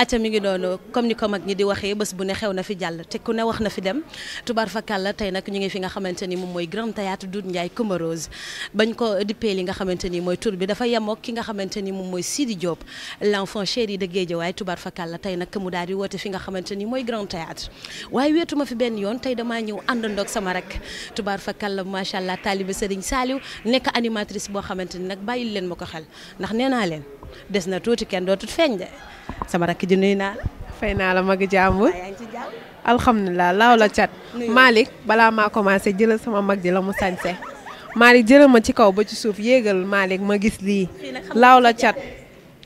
aca mi ngi noonu comme ni ko mag ñi di waxee bés bu ne xew na fi jàll te ku ne wax na fi dem tubaar la tey nag ñu ngi fi nga xamante ni moom mooy Grand Théâtre Doudou Ndiaye Coumba Rose bañ ko dippee li nga xamante ni mooy tur bi dafa yemook ki nga xamante ni moom mooy Sidi Diop l'enfant chéri de Guédiawaye tubaar la tey nag mu daal di woote fi nga xamante ni mooy Grand Théâtre waaye weetuma fi benn yoon tey damaa ñëw àndandoog sama rek tubaar fakàlla macha allah taalibe Serigne Saliou nekk animatrice boo xamante ni nag bàyyil leen ma ko xel ndax nee naa leen des na tuuti kenn dootut feeñ de sama rakk ji nuyu naa la. naa la mag jàmbur. alhamdulilah laaw la cat. Malick balaa maa commencé jëlal sama mag ji la mu sañse Malick jëlal ma ci kaw ba ci suuf yéegal Malick ma gis lii. laaw la cat.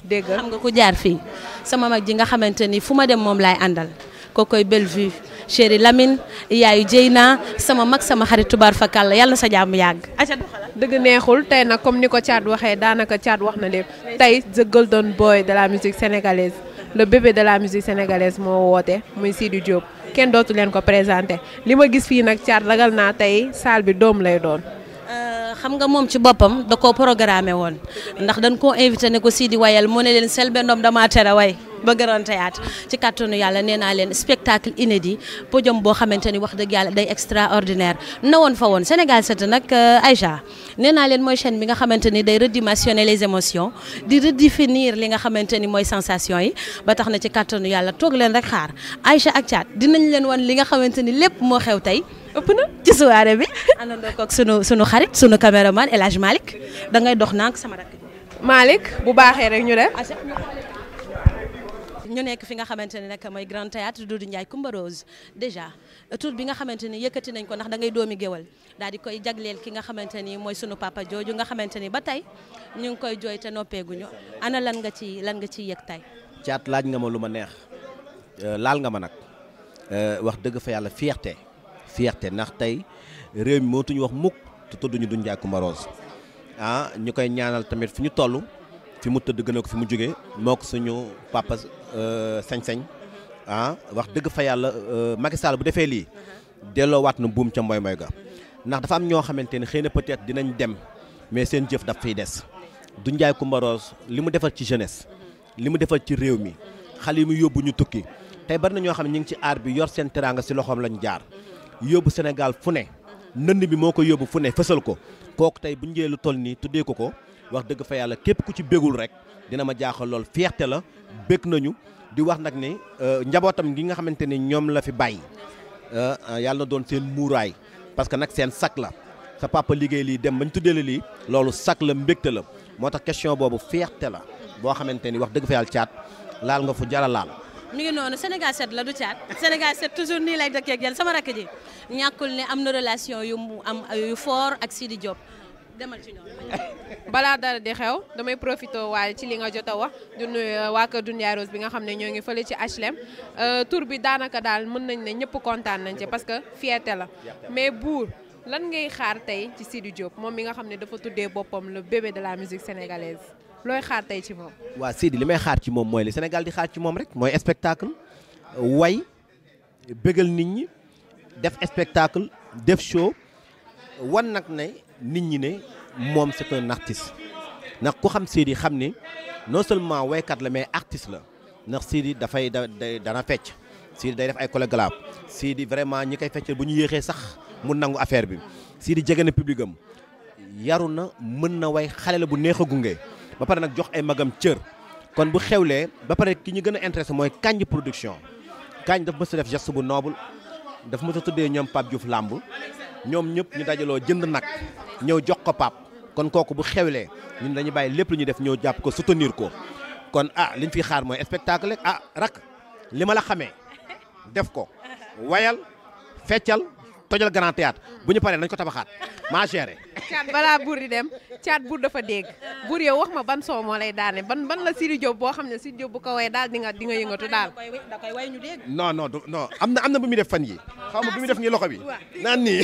dégg xam nga ku jaar fii sama mag ji nga xamante ni fu ma dem moom laay àndal ko koy belle vue chéri Lamine yaayu Dieyna sama mag sama xarit tubaar fakal la yàlla sa jàmm yàgg. dëgg neexul tey nag comme ni ko Thiat waxee daanaka Thiat wax na lépp tey the golden boy de la musique sénégalaise le bébé de la musique sénégalaise moo woote muy Sidi Diop kenn dootu leen ko présenté li ma gis fii nag Thiat ragal naa tey saal bi doom lay doon. Euh, xam nga moom ci boppam da koo programmé woon ndax dañ koo invité ne ko sii di wayal mu ne leen Selbé Ndom damaa tere way ba Grand ci kàttanu yàlla nee naa leen spectacle inédit podium boo xamante ni wax dëgg yàlla day extraordinaire na woon fa woon Sénégal 7 nag euh, Aïcha nee naa leen mooy chaîne bi nga xamante ni day redimensionner les émotions di redéfinir li nga xamante ni mooy sensation yi ba tax na ci kàttanu yàlla toog leen rek xaar Aïcha ak dinañ leen wan li nga xamante ni lépp moo xew tey ëpp na ci soirée bi àndandoo koog sunu sunu xarit sunu caméraman El Hadj malik da ngay dox nank sama rakk. Malick bu baaxee rek ñu dem. Ah, ñu nekk fi nga xamante ne nag mooy grand théâtre Doudou Ndiaye Coumba Rose déjà tur bi nga xamante ni yëkkati nañ ko ndax da ngay doomi géwal daal di koy jagleel ki nga xamante ni mooy sunu papa jooju nga xamante ni ba tey ñu ngi koy jooy te noppeeguñu ana lan nga ci lan nga ciy yëg tey. caat laaj nga ma lu ma neex euh, laal nga ma nag euh, wax dëgg fa yàlla fierté fierté ndax tey réew mi wax mukk te tudduñu Doudou Coumba ah ñu koy ñaanal tamit fi ñu toll fi mu tëdd gën ko fi mu jógee moo ko suñu papa euh, sañ-sañ ah wax dëgg fa yàlla euh, Macky Sall bu defee lii delloowaat na buum ca mboy mboy ndax dafa am ñoo xamante ne xëy na peut-être dinañ dem mais seen jëf daf fiy des Doudou Ndiaye Coumba Rose li mu defal ci jeunesse li mu defal ci réew mi xale yi mu yóbbu ñu tukki tey bari ñoo xam ne ñu ngi ci aar bi yor seen teraanga si loxoom lañ jaar yóbbu Sénégal fu ne ndënd bi moo ko yóbbu fu ne fësal ko kooku tey bu ñu jëlee lu toll nii tuddee ko ko wax dëgg fa yàlla képp ku ci bégul rek dina ma jaaxal lool fierté la bég nañu di wax nag ne euh, njabootam gi nga xamante ne ñoom la fi bàyyi euh, yàlla na doon seen muuraay parce que nag seen sac la sa papa liggéey lii dem bañ tuddee la lii loolu sac la mbégte la moo tax question boobu fierté la boo xamante ni wax dëgg fa yàlla caat laal nga fu jara laal mu ngi noonu Sénégal 7 la du caat Sénégal 7 toujours nii lay dëkkee ak sama rakk ji ñàkkul ne am na relation yu mu am yu fort ak Sidi Diop demal ci ñoom balaa dara di xew damay profité waaye ci li nga jot a wax du nuyu euh, waa Rose bi nga xam ne ñoo ngi fële ci HLM euh, tour bi daanaka daal mën nañ ne ñëpp kontaan nañ ci parce que fierté la mais buur lan ngay xaar tey ci Sidi Diop moom mi nga xam ne dafa tuddee boppam le bébé de la musique sénégalaise looy xaar tey ci moom. waa Sidi li may xaar ci moom mooy li Sénégal di xaar ci moom rek mooy spectacle way bëggal nit ñi def spectacle def show wan nag ne nit ñi ne moom c'est un artiste ndax ku xam di xam ni non seulement waykat la mais artiste la ndax Sidi dafay da da dana fecc Sidi day def ay sii Sidi vraiment ñi koy fecc bu ñu yéexee sax mu nangu affaire bi sii di jege na public am yaru na mën na way xale la bu neex a gunge. ba nag jox ay magam cër kon bu xewlee ba pare ki ñu gën a intéressé mooy Kandji production Kandji daf mës a def geste bu noobu daf mës a tuddee ñoom Pape Diouf làmb ñoom ñëpp ñu dajaloo jënd nag ñëw jox ko Pape kon kooku bu xewlee ñun dañuy bàyyi lépp lu ñuy def ñëw jàpp ko soutenir ko kon ah liñ fi xaar mooy spectacle ah rak li ma la xamee def ko wayal feccal tojal grand théâtre bu ñu paree nañ ko tabaxaat maa géré. caat balaa buur di dem caat buur dafa dégg buur yow wax ma ban soo moo lay daane ban ban la Sidy Diop boo xam ne Sidy Diop bu ko way daal di nga di nga yëngatu daal. da koy way ñu dégg. am na am bu muy def fan yi xaw ma bu muy def nii loxo bi naan nii.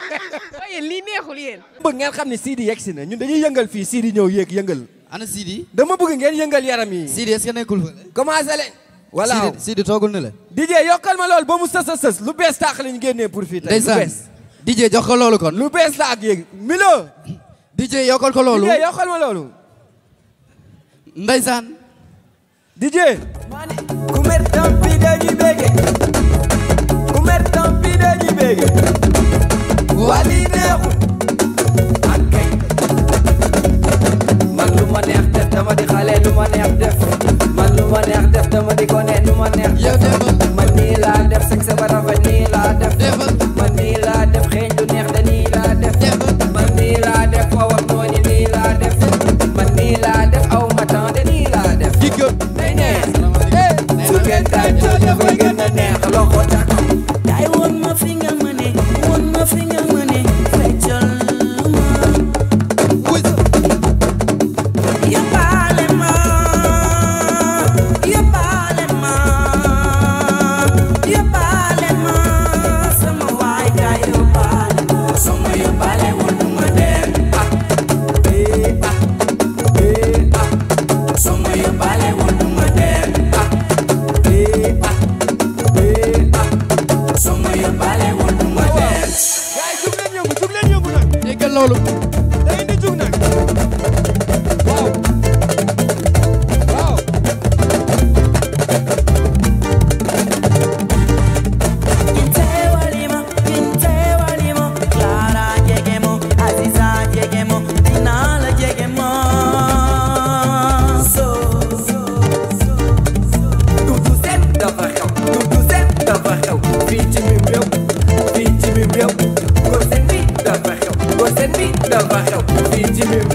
waaw yéen lii neexul yéen. bëgg ngeen xam ne Sidy yegg si na ñun dañuy yëngal fii Sidy ñëw yéeg yëngal. ana Sidy. dama bëgg ngeen yëngal yaram yi. Sidy est-ce nekkul fa. commencé leen. voilà Sidi toogul ne la. DJ yokkal ma loolu ba mu sës a lu bees taax lañ génnee pour fii tey lu bees. DJ jox ko loolu lu bees la ak yéeg Milo. DJ yokkal ko loolu DJ yokkal ma ku mer tam bi dañuy ku mer tam bi dañuy bége. wali neexul. ak kay. lu ma neex def dama di xale lu ma neex def. di ko ne nu ma neex defal man nii laa def sexe ba nii laa def man nii laa def xeeñ du neex de nii laa def man nii laa def ma nii laa def man nii laa def aw ma de nii laa def day neex su ngeen tàjjoo dafay neex loxo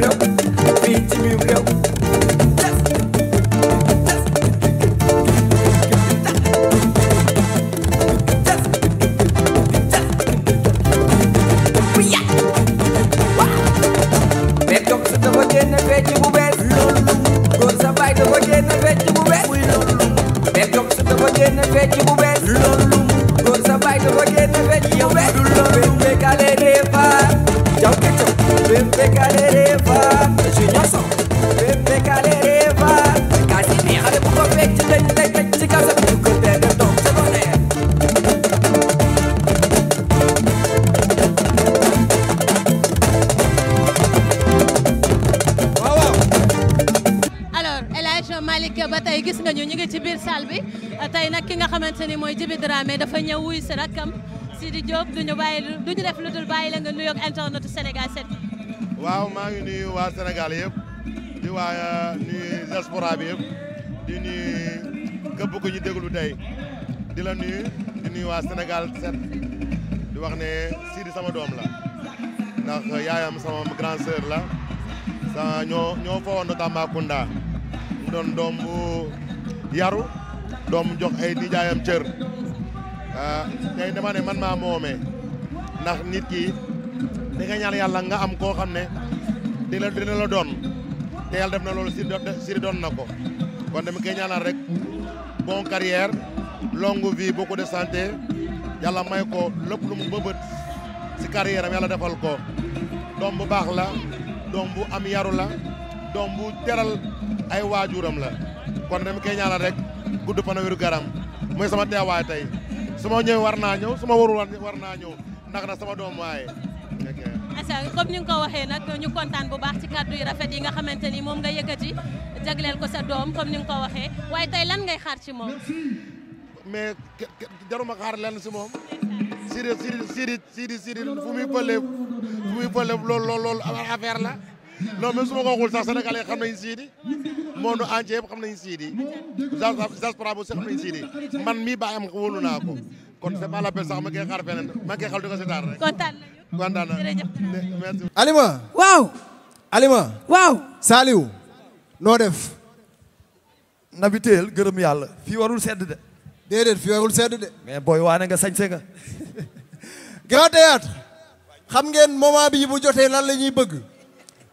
Hello. senegal yëpp di waa nuyu euh, diaspora bi di nuyu képp ku ñu déglu tey di la nuyu di nuyu waa Sénégal set di wax ne Sidi sama doom la ndax yaayam sama grand sœur la sa ñoo ñoo fowandoo Tambacounda mu doom bu yaru doom jox ay nijaayam cër euh, tey dama ne man maa moomee ndax nit ki di nga ñaan nga am koo xam ne dina dina la doon te yàlla def na loolu Sidy doon na ko kon dama koy ñaanal rek bon carrière longue vie beaucoup de santé yàlla may ko lépp lu mu bëbët si defal ko doom bu baax la doom bu am yaru la doom bu teral ay waajuram la kon dama koy ñaanal rek gudd fan wéru garam mooy sama teewaay tey su ma ñëwee war naa ñëw su ma warul war naa ñëw ndax sama doom waaye macha allah comme ni nga ko waxee nag ñu kontaan bu baax ci kàddu yu rafet yi nga xamante ni moom nga yëkkati jagleel ko sa doom comme ni nga ko waxee waaye tey lan ngay xaar ci moom. mais jaruma xaar fu muy pëlee fu muy pëlee lool lool lool la non même su ma ko waxul sax sénégalais yi xam nañu Sidi monde entier yëpp xam na Sidi diaspora bu si xam nañu Sidi man mii bàyyi am wóolu naa ko kon c'est pas la peine sax ma koy xaar feneen ma koy xal di ko seetaan kontaan naa Alima. waaw. Alima. waaw. Saliou. noo def. nabiteel gërëm yàlla fii warul sedd de. déedéet booy waane nga sañse nga. Grand Théâtre xam ngeen moment bii bu jotee lan la ñuy bëgg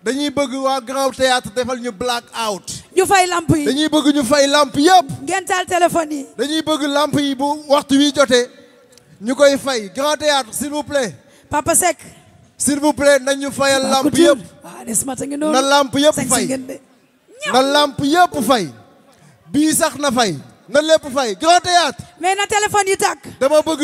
dañuy bëgg waa Grand Théâtre defal ñu black out. ñu fay lamp yi dañuy bëgg ñu fay làmp yëpp. ngeen taal téléphone yi. dañuy bëgg làmp yi bu waxtu wi jotee ñu koy fay Grand Théâtre s'il vous Papa Seck. s'il vous plaît nañu fayal lamp yëpp. ah a ngi na lamp yëpp fay na lamp yëpp fay. bii sax na fay. na lépp fay grand théâtre. mais na téléphone yi tàkk. dama bëgg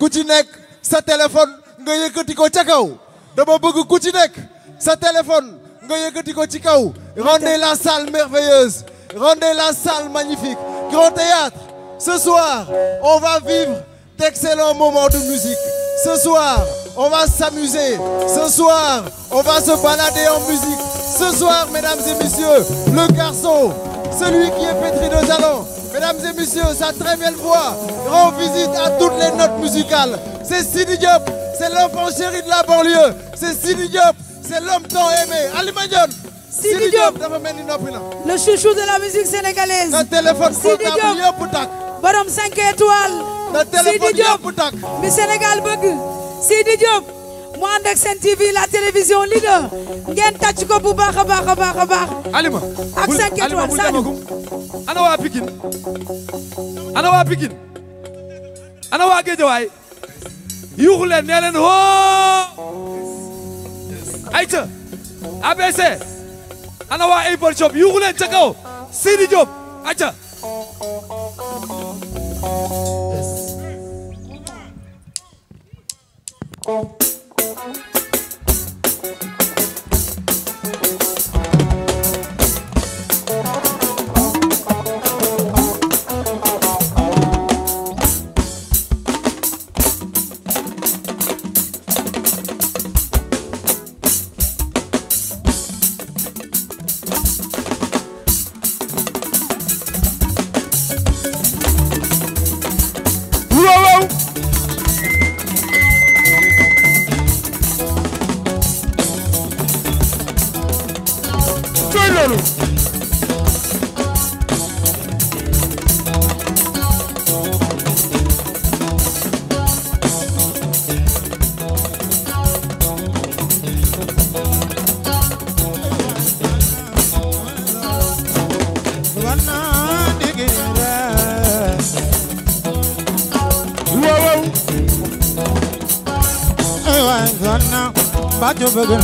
ku ci nekk sa téléphone nga yëkkati ko ca kaw. dama bëgg ku ci nekk sa téléphone nga yëkkati ko ci kaw. rendez la salle merveilleuse. rendez la salle magnifique. grand théâtre ce soir on va vivre d'excellents moments de musique ce soir. on va s'amuser. Ce soir, on va se balader en musique. Ce soir, mesdames et messieurs, le garçon, celui qui est pétri de talent. Mesdames et messieurs, sa très belle voix rend visite à toutes les notes musicales. C'est Sidi Diop, c'est l'enfant chéri de la banlieue. C'est Sidi Diop, c'est l'homme tant aimé. Alima Diop. Sidi Diop mel ni noppi na. Le chouchou de la musique sénégalaise. Sa téléphone portable yëpp tàkk. Borom 5 étoiles. Sa téléphone yëpp tàkk. Sidi Sénégal bëgg. Sidi Diop mu ànd ak Sen TV la télévision leader ngeen tàcc ko bu baax baax baax Alima ak 5 étoiles Saliou ana ana waa Pikine ana waa Guédiawaye yuuxu leen nee leen hoo ayca ABC ana waa Apple Shop yuuxu leen ca kaw Sidi Diop Oh. bëgg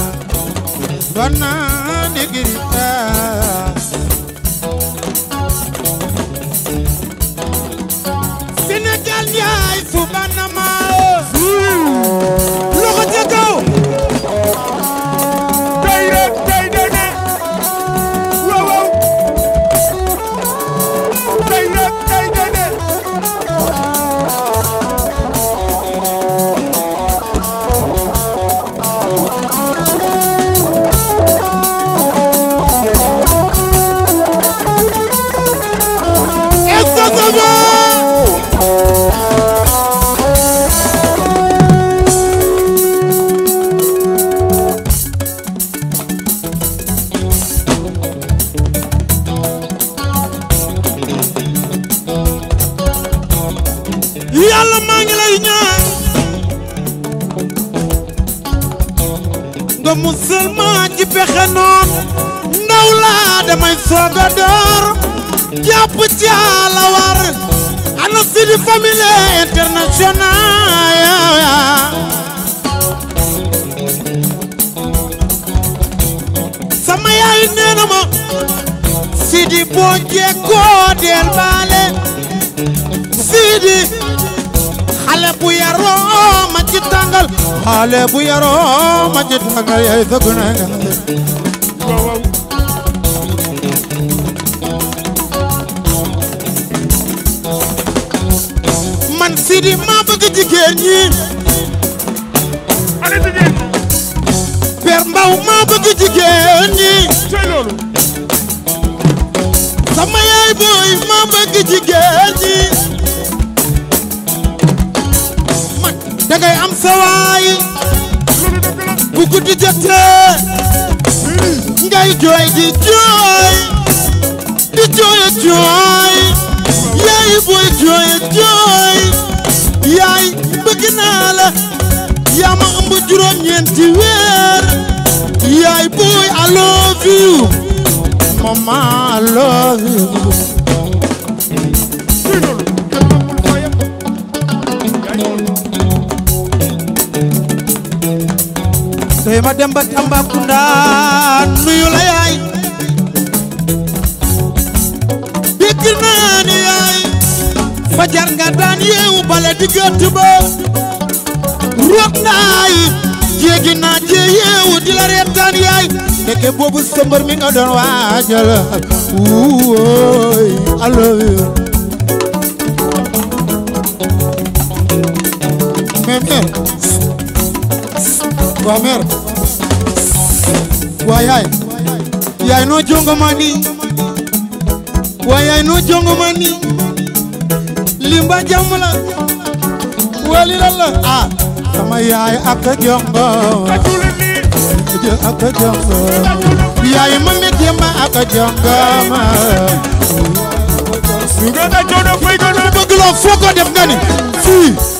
moo jekkoo del baale siidi xale bu yaroo ma ci tàngal xale bu yaroo ma ci tàngal yaay dëgg na man siidi maa bëgg jigéen ñi per mbaw maa bëgg jigéen ñi booy ma bëgg jigéen ñi man dangay am sawaay bu guddi jotee ngay jooy di jooy di jooy jooy yaay booy jooy jooy yaay bëgg naa la yaa ma ëmb juróom-ñeenti weer yaay booy I love you mama I love you bi ma dem ba Tambacounda nuyu la yaay dégg naa yaay fajar nga daan yeewu bale di gëtt ba roog naay jéegi naa jee di la reetaan yaay ndeke boobu sëmbër mi nga doon waajal wooy I love you yaay yaay no jongo mani wa yaay limba jàmm la wali lan la ah sama yaay ak ma ne jema ak jongo ma su nga def nga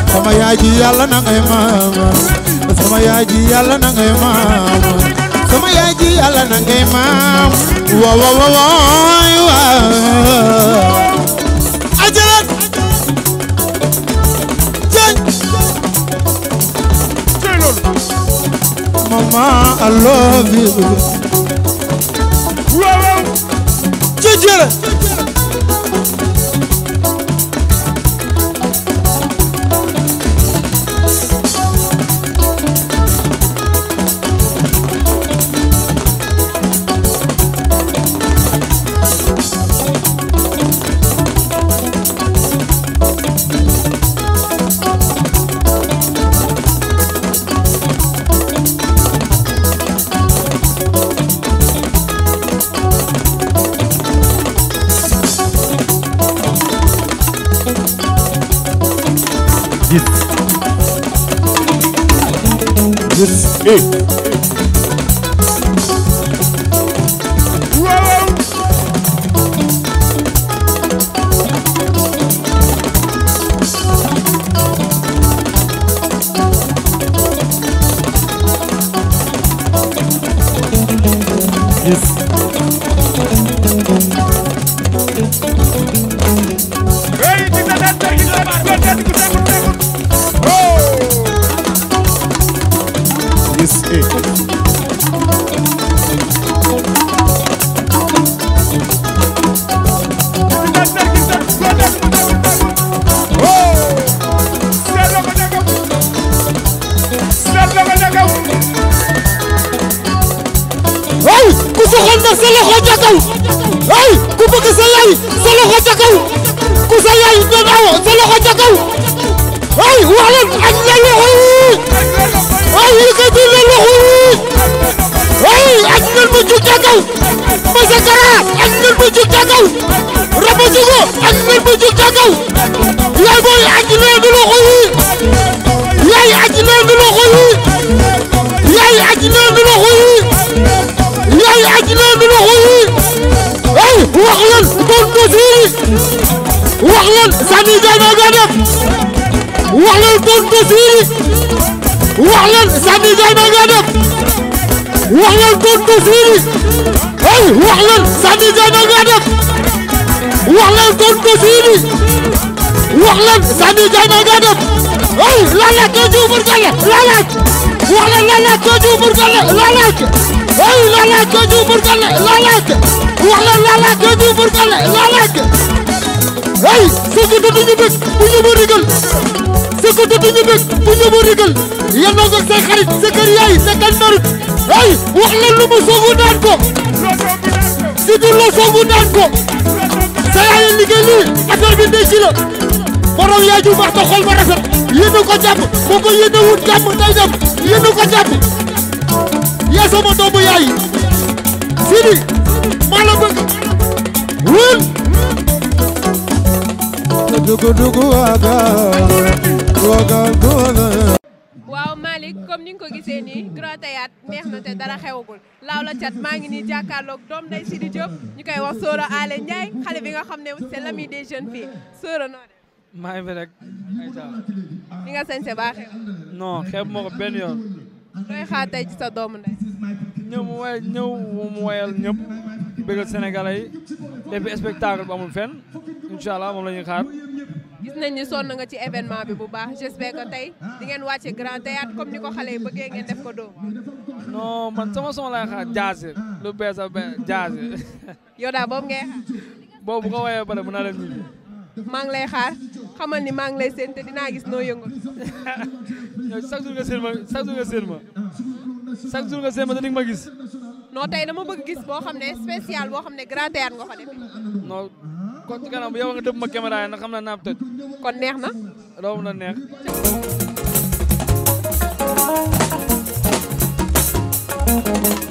sama yaay ji yàlla na ngay maama sama yaay na ngay maama sama yaay na ngay maam wa wa wa wa ajalat jëñ jëlol mama eh kaw Moussa Kara ak mbir bu jug ca kaw Raba Jugo ak mbir bu jug ca kaw yaay booy aji neenu loxo yi yaay aji neenu loxo yi yaay aji neenu loxo yi yaay aji neenu loxo yi ay wax leen bon ko fii wax leen sani jaana ga dem wax leen bon ko fii wax leen sani jaana ga dem waxlan tontu siiri ay waxlan sànni jana nga def waxlan tontu siiri waxlan sànni jana nga def ay lalaat doo juumur gale lalaat waxlan lalaat doo juumur gale lalaat ay lalaat doo juumur gale lalaat waxlan lalaat doo juumur gale lalaat ay sëkkëtë bi ñu bés bu ñu mu rigal sëkkëtë bi ñu bés bu ñu mu rigal yal na ko say xarit sa kër yaay sa kan marit ay wax la lu mu soogu daan ko si dur soogu daan sa yaay liggéey lii affaire bi ndey ci la borom yaay ju baax ta xol ba rafet ko jàpp boo ko yéen a wut jàpp day dem yéen a ko jàpp yaa sama doomu yaay Sidi maa la bëgg wul dugu dugu waaga waaga waaw Malick comme te dara xewagul laaw la cat maa ngi nii jàkkaarloog doom nday Sidi Diop ñu koy wax Sora Ale Ndiaye xale bi nga xam ne c'est l'ami des jeunes filles Sora noo def. maa ngi rek. li nga sañse baa xew. non xew benn yoon. tey ci sa doomu ndey. ñëw mu woy ñëw mu woyal moom la xaar. gis nañ ni sonn nga ci événement bi bu baax j'espère que tey di ngeen wàcce grand théâtre comme ni ko xale yi bëggee ngeen def ko dóom. non man sama son lay xaar jaasi lu bees a bees jaasi. yow daal boobu ngay xaar. boobu bu ko woyee ba pare mën naa leen ñibbi. maa ngi lay xaar xamal ni maa ngi lay séen dinaa gis noo yëngu. yow chaque jour ma chaque jour nga ma chaque jour nga séen ma te dinga ma gis. non tey dama bëgg gis boo xam ne spécial boo xam ne grand théâtre nga ko defee. non kon ma caméra yi nag xam naa naam neex na. raw na thank you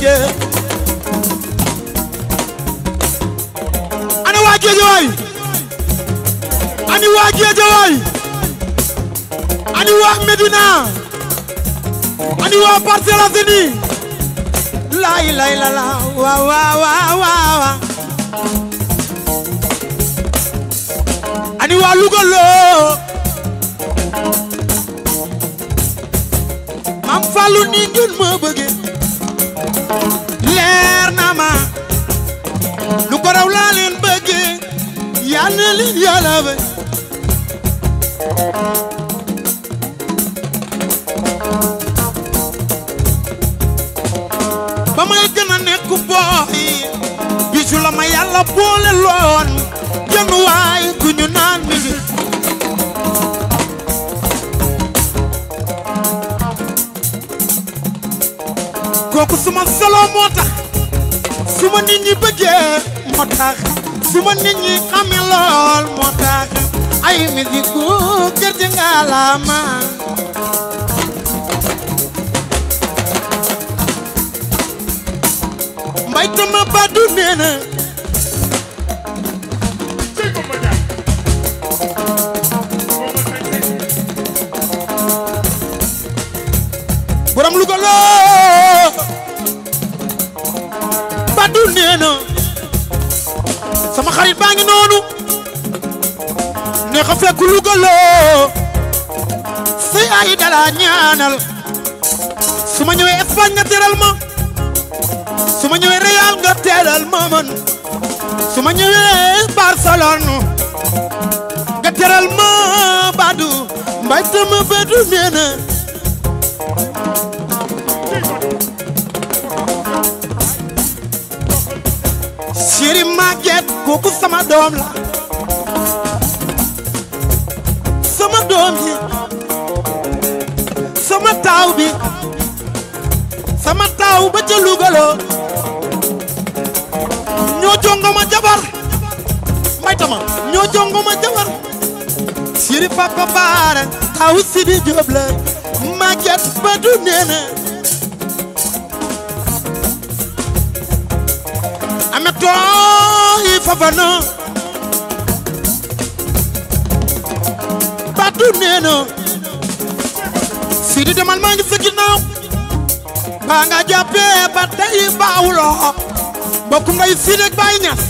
géej ana waa géej waay ani waa géej waay ani waa Medina ani waa Parcelles Assainies laa ilaaha illallaah waaw waaw waaw ani waa Louga loo Maam Fallu ni ngeen ma bëggee lu ko raw laa leen bëggee yal ba ba may gën a nekk booy bisu la boole loon jënd waay ñu naan kooku suma solo su ma nit ñi bëggee moo tax su ma ñi xamee lool ay musique bu kër ji nga la mbay tama ba du ko fekk Louga loo say ay dala ñaanal su ma ñëwee Espagne nga teral ma su ma ñëwee Real nga teral ma man su ma ñëwee Barcelone nga teral ma Badou mbay sama Badou nee na chéri Maguette kooku sama doom la doom yi sama taaw bi sama taaw ba ca lugaloo ñoo jongoma jabar may tama ñoo jongoma jabar siri papa baara taaw sidi jóob la màgget ba du ame tooy fafana du nee na demal maa ngi sa baa nga jàppee ba tey baawuloo bokkum nday Sidi ak Baay Ñas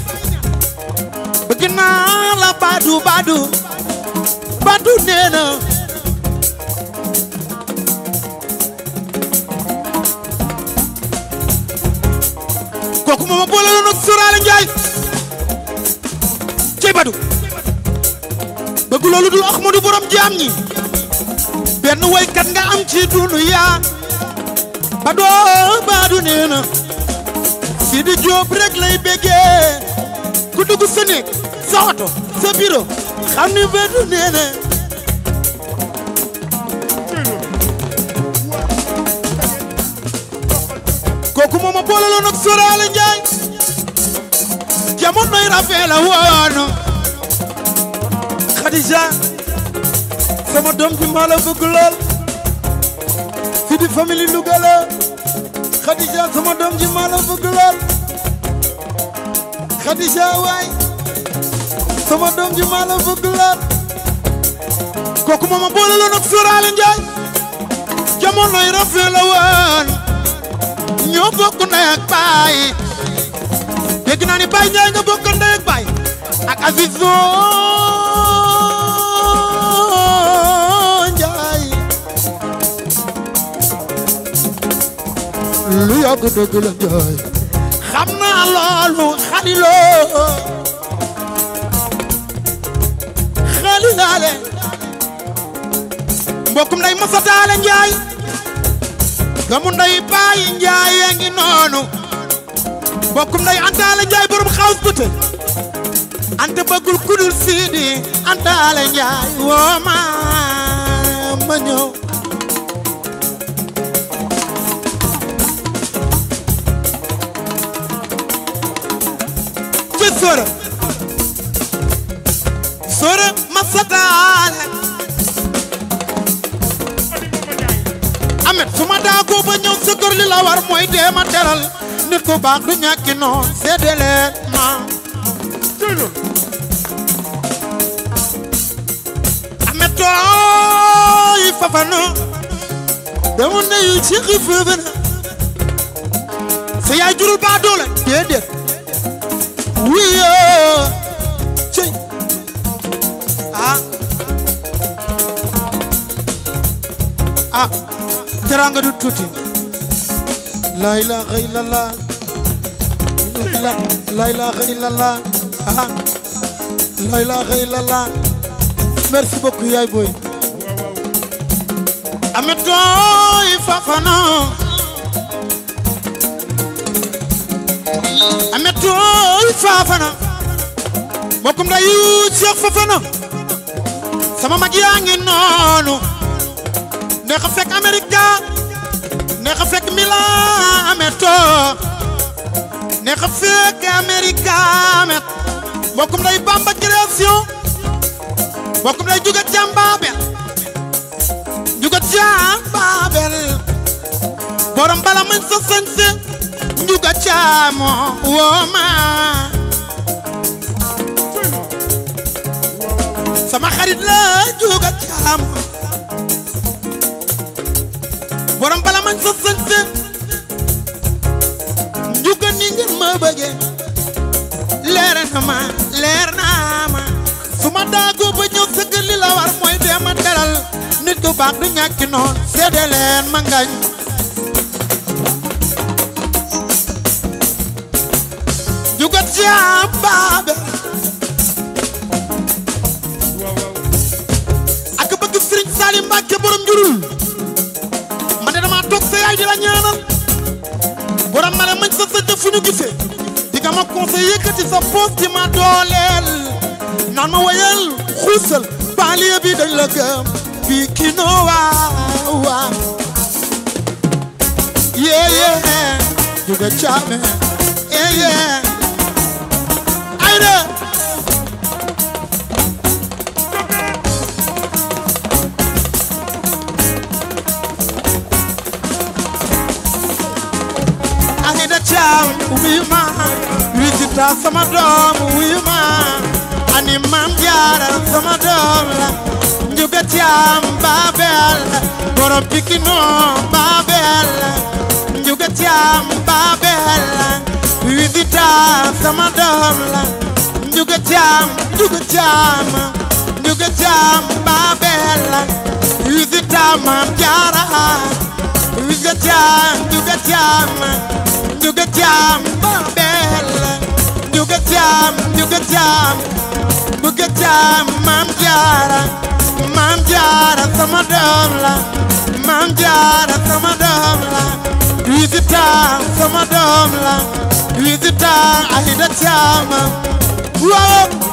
bëgg naa la baadu loolu dul Ahmadu borom jaam ñi benn woykat nga am ci duniya ba doo baadu nee na Sidi Diop rek lay béggee ku dugg sa néeg sa xam ni baadu nee kooku moom a boole Njaay jamonoy rafet la woon Khadija sama doom ji maa la bëgg lool si di famille Louga la Khadija sama doom ji maa la bëgg lool Khadija waay sama doom ji maa la bëgg lool kooku moom a boole loon ak Sóoraale Njaay jamonoy rafet la woon ñoo bokk ndey ak baay dégg naa ni baay Njaay nga bokk ndey ak baay ak Aziz lu yàgg dëgg la jooy xam naa loolu xaliloo xalilaale mbokkum nday masataale njaay gamu nday bàyyi njaay yaa ngi noonu mbokkum nday antaale njaay borom xaws bëte anta bëggul kudul siidi antaale njaay woo ma ma sora sora ma fataale amet su ma daagoo ba ñëw sa kër war mooy dee ma teral nit ku baax du ñàkki noon seddale ma amet tooy fafana dama neyu ci xifeefana sa yaay jurul baa doole déedéet wiya cey euh. ah ah teranga du tuuti la ilaha illallah la ilaha a ah la ilaha illallah merci beaucoup yaay boy amit doy fafana ametul Fafana mbokkum dayu Cheikh Fafana sama mag yaa ngi noonu neex a fekk Amérique neex a fekk Milan ametoo neex a fekk Amérique amet mbokkum day Bamba création mbokkum day jugat jam Babel jugat jam Babel borom bala mañ sa sañse jugat jaamu woo ma sama xarit la jóoga jaamu borom bala mañ sa sënse njuga ni ngeen ma bëgge leer na ma leer naa ma su ma daagoo ba ñëw sëgg li war mooy dee ma nit ku baax du ñàkki noon seede ma ngañ yaa baaba ak bëgg Serigne Salim Mbacke borom njurul man de dama toog sa di la ñaanal borom ma mañ sa sëdd fu ñu gisee di ma conseillé yëkkati sa poos di ma dooleel naan ma wayal xuusal palier bi dañ la gëm bi kino waa waa yeye du de caame yeye isa sama doom wuyu ma ani maam jaara sama doom la njuga caam baabel borom pikino baabel njuga caam baabel widita sama doom la njuga caam njuga caam njuga caam baabel widita maam jaara njuga caam njuga caam njuga caam ñu nga jaam ñu nga jaam maam jaara maam jaara sama la maam jaara sama la wisita sama doom la wisita ahida jaama waaw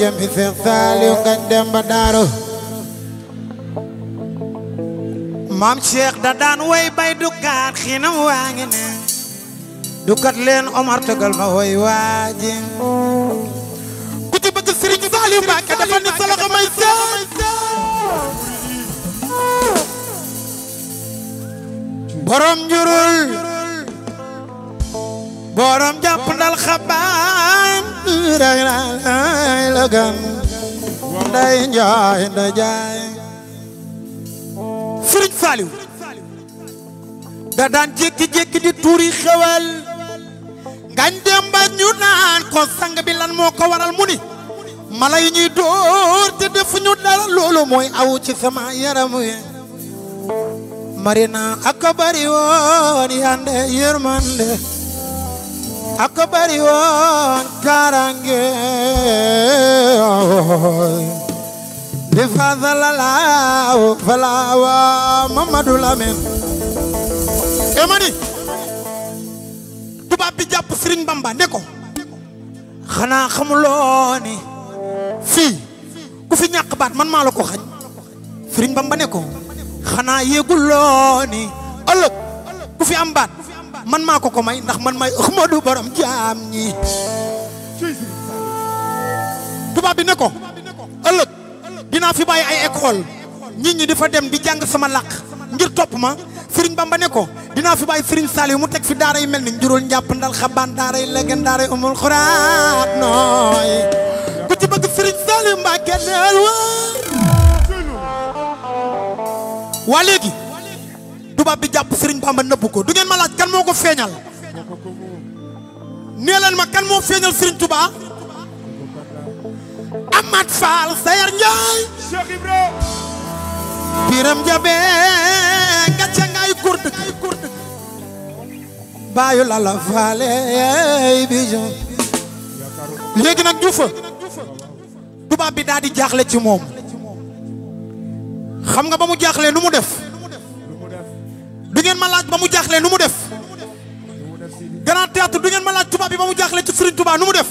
jëmmi Seex Saaliw ngañ dem ba daaru maam Cheikh da daan way bay dukkaat xinam waa ngi ne dukkat leen Omar tëgal ma way waaji ku ci bëgg Sëriñ Saaliw Mbàkke dafa ni sa loxo may seen borom njurul borom jàpp ndal xabaan dag na da daan jékki-jékki di tuuri xewal ngañ dem ñu naan ko sang bi lan moo ko waral mu ni mala yi dóor te defuñu dara loolu mooy aw ci sama yaram wi marina ak bari woon yande yërmande ak bari woon karange di fadala laaw oh, falawa Mamadou Lamine e mani tubaab bi jàpp Sëriñ Bamba ne ko xanaa xamuloo ni fii ku fi ñàkk baat man maa la ko xañ Sëriñ Bamba xanaa yéeguloo ni ëllëg ku fi am baat man maa ko ko may ndax man may Ahmadu borom jaam ñi tubaab bi ne ko ëllëg dinaa fi bàyyi ay école nit ñi di fa dem di jàng sama làq ngir topp ma Sëriñ Bamba ne dinaa fi bàyyi Sëriñ Saliou mu teg fi daara yu mel ni njuróol njàpp ndal xabaan daara yi legen daara yi umul xuraat nooy ku ci bëgg Sëriñ Saliou Mbàkke neel waa waa léegi tubaab bi jàpp Serigne Bamba nëbb ko du ngeen ma laaj kan moo ko feeñal nee leen ma kan moo feeñal Serigne Touba Amat Fall Sayar Njaay Cheikh Ibra Biram Jabe ngay kurt baayu la la faale bijon léegi nag jufa tubaab bi daal di jaaxle ci moom xam nga ba mu jaaxlee nu mu def ngeen ma laaj ba mu jaaxle nu mu def grand théâtre du ngeen ma laaj tubaab bi ba mu jaaxle ci Serigne Touba nu mu def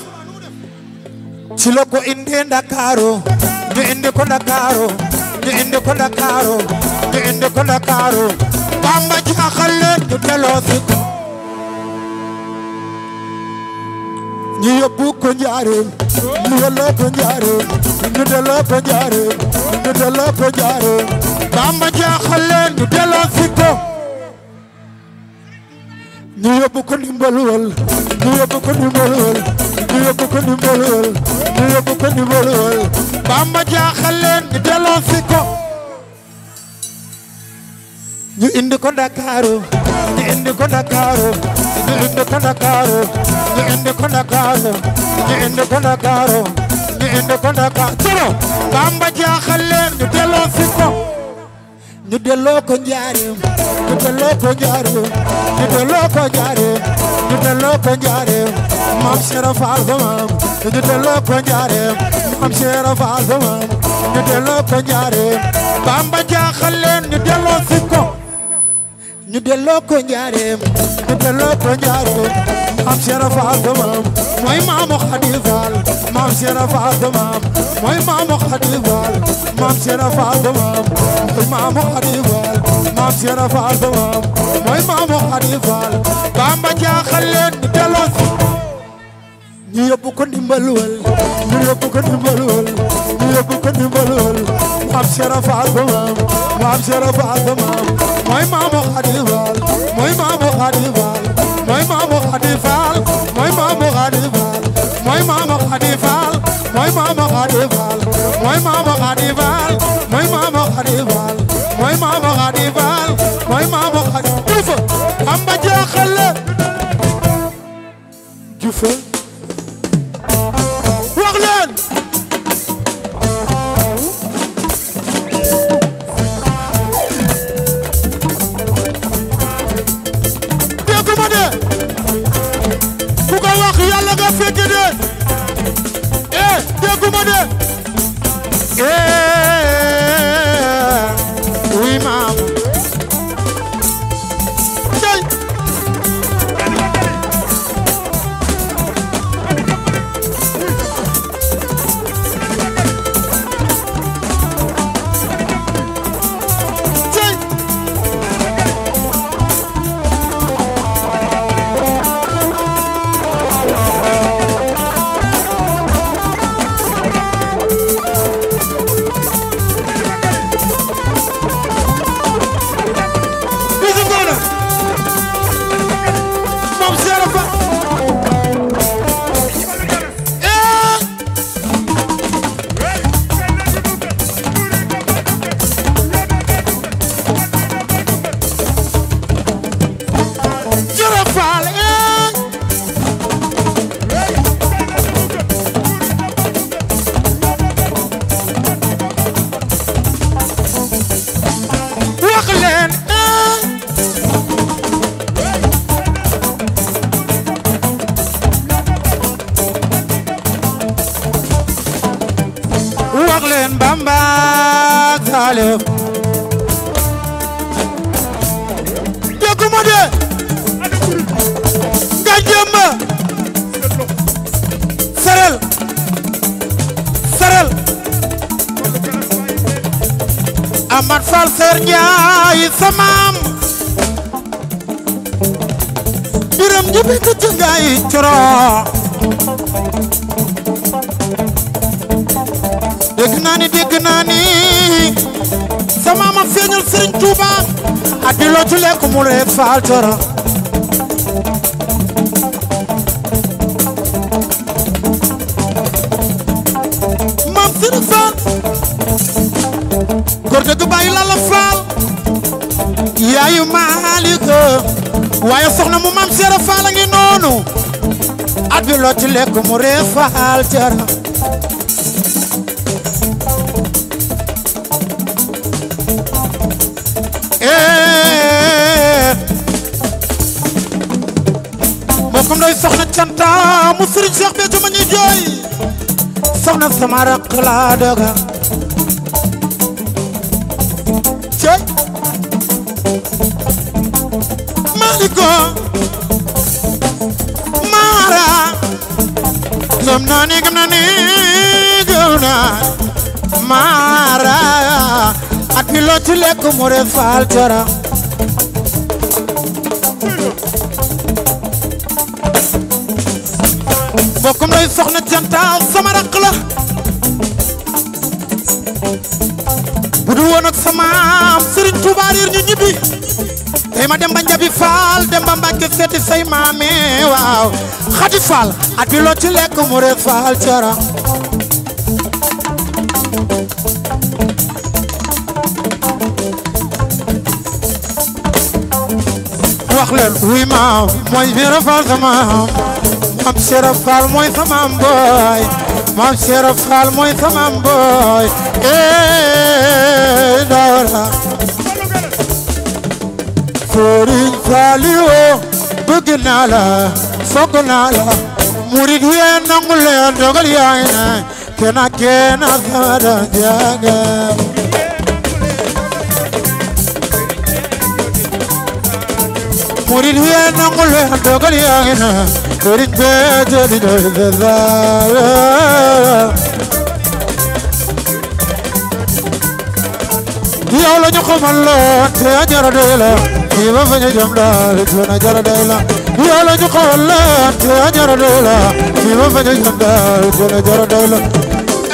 ci la ko indee Ndakaaru ñu indi ko Ndakaaru ñu indi ko Ndakaaru ñu indi ko Ndakaaru Bamba jaaxal leen ñu deloosi ko ñu yóbbu ko Njaaréem ñu yólloo ko Njaaréem ñu delloo ko Njaaréem ñu delloo ko Njaaréem Bamba jaaxal leen ñu deloosi ko ñu yóbbu ko ndimbalul ñu yóbbu ko ndimbalul ñu yóbbu ko ndimbalul ñu yóbbu ko ndimbalul Bamba jaaxal leen ñu delloosi ko ñu indi ko Dakaru ñu indi ko Dakaru ñu indi indi ko Dakaru ñu indi ko Dakaru ñu indi ko Dakaru leen ñu delloosi ko ñu delloo ko njaareem ñu delloo ko njaareem ñu delloo ko njaareem ñu delloo ko njaareem maam Cheikh Fall ba maam ñu delloo ko njaareem maam Cheikh Fall ba maam ñu delloo ko njaareem Bamba jaaxal leen ñu delloo si ko ñu delloo ko njaareem ñu delloo ko njaareem maam Cheikh Fall damaam mooy maamu Xadi Fall maam Cheikh Fall damaam mooy maamu Xadi Fall maam Cheikh Fall damaam mooy maamu maam Cheikh Fall damaam mooy maamu ñu delloo ñu yóbbu ko ndimbalwal ñu yóbbu ko ndimbalwal ñu maam Cheikh Faal ba maam maam Cheikh Faal ba maam mooy maamu Xadi Faal mooy maamu Xadi Faal mooy maamu Xadi Faal mooy maamu Xadi Faal mooy maamu Xadi Faal mooy maamu Xadi Faal mooy maamu Xadi Faal mooy maamu Xadi al coro mam sëriñ faal góor dëgg bàyyi la la faal yaayu Maalika waaye soxna mu mam seera faal a ngi noonu at bi ci lekk mu ree faal comme doy soxna canta mu sëriñ Cheikh Béthio ma ñuy jooy soxna sama rakk laa doga maara gëm naa ni maara at mi loo ci lekk mu refaal jara mbokkum lay soxna janta sama rakk la bu dul woon ak sama Serigne Touba ñibbi tey ma dem Faal dem ba say maame waaw Xadi Faal at loo ci lekk mu Faal cara wax leen wuy ma mooy biir Faal sama maam Cheikh Fall mooy sama mbooy maam Cheikh Fall mooy sama mbooy ee Daara Sëriñ Saliou bëgg naa la sokk murid wi nangu leen dogal yaay na kenn ak murid wi nangu leen dogal فريد بجليل الذا يا ولا نقوم الله تاجر ديلا كيف فني جملا لتنا جر ديلا يا ولا نقوم الله تاجر ديلا كيف فني جملا لتنا جر ديلا